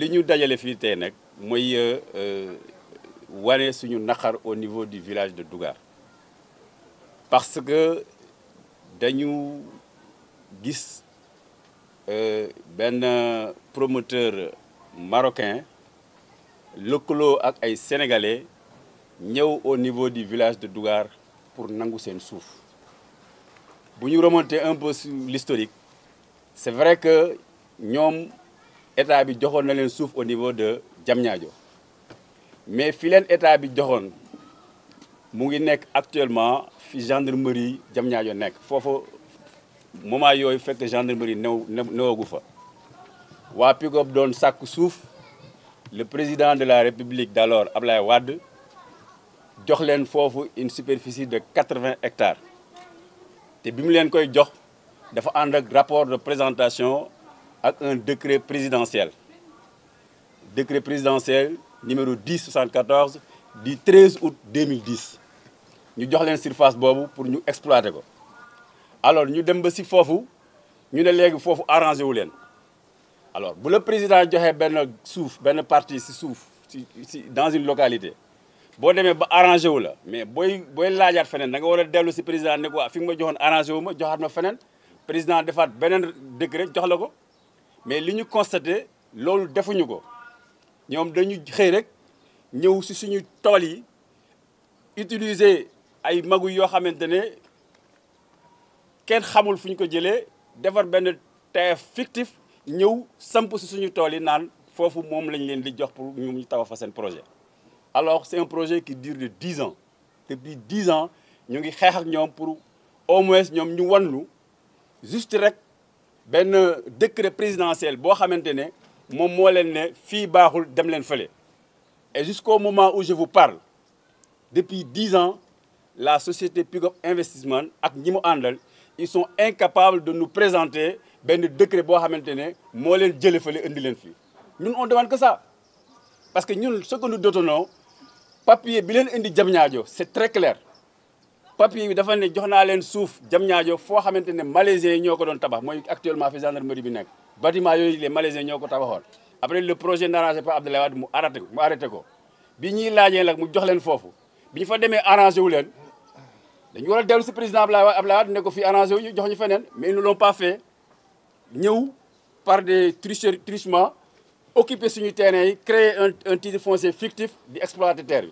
li ñu dajale fii tey nag mooy euh, euh, wane suñu naqar au niveau du village de Dougar parce que dañu gis euh, benn promoteur marocain lëkkaloo ak ay sénégalais ñëw au niveau du village de Dougar pour nangu seen suuf bu ñu remonter un peu sur l'historique c'est vrai que ñoom état bi joxoon na leen suuf au niveau de Diamniadio mais fi leen état bi joxoon mu ngi nekk actuellement fi gendarmerie Diamniadio nekk foofu moment yooyu fekk gendarmerie new newagu fa waa PICOP doon sàkk suuf le président de la république d'alors Ablaye Wade jox leen foofu une superficie de quatre-vingts hectares te bi mu leen koy jox dafa ànd ak rapport de présentation ak un décret présidentiel décret présidentiel numéro 1074 du 13 août 2010 ñu jox leen surface boobu pour ñu exploiter ko alors ñu dem ba si foofu ñu ne léegi foofu arrangé wu leen alors bu la président joxe benn suuf benn partie si suuf si si dans une localité boo demee ba arrangé wu la mais booy booy laajaat feneen da nga dellu si président ne ko fi nga ma joxoon arrangé wu ma joxaat ma feneen président defaat beneen décret jox la ko mais li ñu constaté loolu defuñu ko ñoom dañu xëy rek ñëw si suñu tool yi utiliser ay magu yoo xamante ne kenn xamul fu ñu ko jëlee defar benn TF fictif ñëw samp si suñu tool yi naan foofu moom lañ leen di jox pour ñu ñu fa seen projet. alors c'est un projet qui dure de dix ans depuis dix ans ñu ngi xeex ak ñoom pour au moins ñoom ñu wanlu juste rek. benn décret présidentiel boo xamante ne moom moo leen ne fii baaxul dem leen fële et jusqu'au moment où je vous parle depuis dix ans la société Pigop Investissement ak ñi mu àndal ils sont incapables de nu présenter benn décret boo xamante ne moo leen jële fële indi leen fii ñun on demande que sax parce que ñun ce que nous détenons bi leen indi Diamniadio c'est très clair papier bi dafa ne jox naa leen suuf jam ñaajo foo xamante ne malaisiens yi ñoo ko doon tabax mooy actuellement fi gendarmerie bi nekk bâtiment yooyu les malaisiens ñoo ko tabaxoon après le projet n'arrangeait pas Abdoulaye Wade mu arrêté mu arrêté ko bi ñuy laajee nag mu jox leen foofu bi ñu fa demee arrangé wu leen dañu war a dellu si président Abdoulaye Wade ne ko fii arrangé wu ñu jox ñu feneen mais ils ne l'ont ñëw par des tricher trichements occuper suñu terrain yi créer un un titre foncier fictif di exploiter terre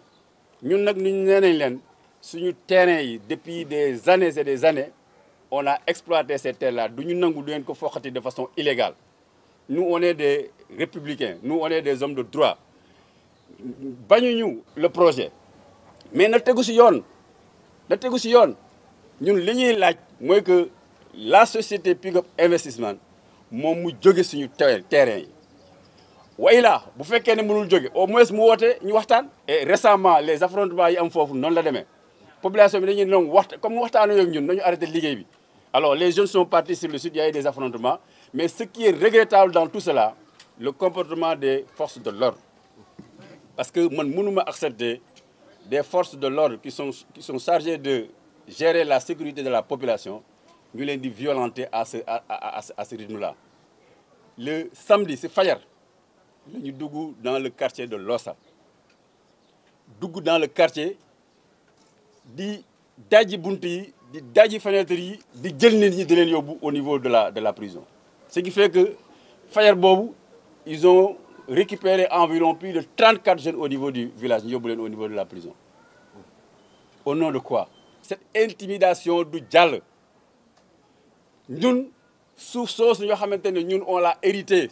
bi ñun nag ñu nañ leen suñu terrain yi depuis des années et des années on a exploité ces terres-là du ñu nangu du ngeen ko foqati de façon illégale nous on des républicains nous on des hommes de droit ñu le projet mais na tegu si yoon na tegu ci yoon ñun li ñuy laaj mooy que la société Pick Up Investissement moom mu jóge suñu terrain yi wa laa bu fekkee ne mënul jóge au moins mu woote ñu waxtaan et récemment les affrontements yi am foofu noonu la demee population bi dañuy nangu waxta comme waxtaanoo ak ñun nañu arrêté liggéey bi alors les jeunes sont partis sur le sud il y a eu des affrontements mais ce qui est regrettable dans tout cela le comportement des forces de l'ordre parce que man mënuma accepter des forces de l'ordre qui son qui chargées de gérer la sécurité de la population ñu leen di violenter à ce à à, rythme-là le samedi ci fajar la ñu dugg dans le quartier de Lossa dugg dans le quartier di dajji bunt yi di dajji fenêtre yi di jël nit ñi di leen yóbbu au niveau de la de la prison ce qui fait que fajar boobu ils ont récupéré environ plus de 34 jeunes au niveau du village ñu yóbbu leen au niveau de la prison au nom de quoi cette intimidation du jàll ñun suuf soosu ñoo xamante ne ñun on l'a hérité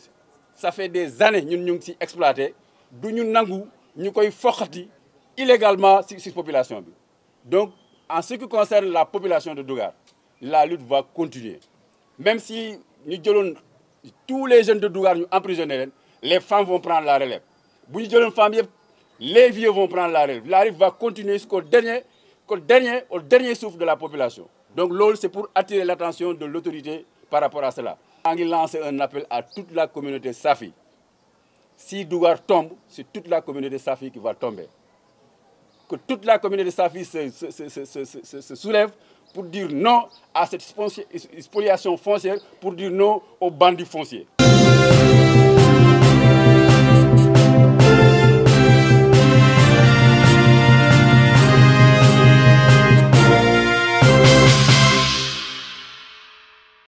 ça fait des années ñun ñu ngi ci exploité du ñu nangu ñu koy foqati illégalement ci ci population bi Donc, en ce qui concerne la population de Dougar, la lutte va continuer. Même si nous devons, tous les jeunes de Dougar nous emprisonnés, les femmes vont prendre la relève. Si nous famille, les vieux vont prendre la relève. La relève va continuer jusqu'au dernier, au dernier, au de la population. Donc, l'OL, c'est pour attirer l'attention de l'autorité par rapport à cela. Il lance un appel à toute la communauté Safi. Si Dougar tombe, c'est toute la communauté Safi qui va que toute la communauté salafiste se, se, se, se, soulève pour dire non à cette spoliation foncière, pour dire non aux bandits fonciers.